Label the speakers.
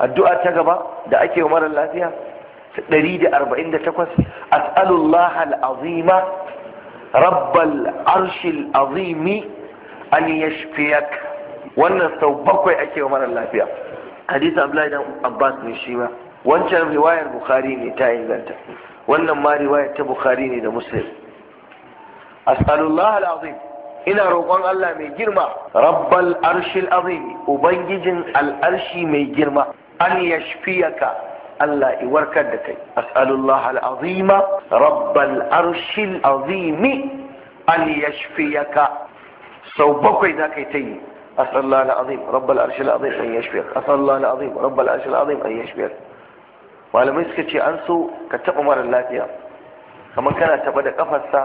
Speaker 1: addu'a ta gaba da ake wa marar lafiya 148 as'alullah al'azima rabbal arshil azimi an yashfiyak wannan sau bakwai ake wa marar lafiya hadisi abdullahi dan abbas ne shi ba wancan riwayar bukhari ne ta inganta wannan ma riwayar ta bukhari ne da muslim as'alullah al'azim ina roƙon Allah mai girma rabbal arshil azim ubangijin al'arshi mai girma an yashfiyaka Allah i warkar da kai as'alullah al'azima rabbal arshil azimi an yashfiyaka sau bakwai za ka ta yi as'alullah al'azim rabbal arshil azim an yashfiyaka as'alullah al'azim rabbal arshil azim an yashfiyaka malamai suka ce an so ka taɓa mara lafiya kamar kana taɓa da ƙafarsa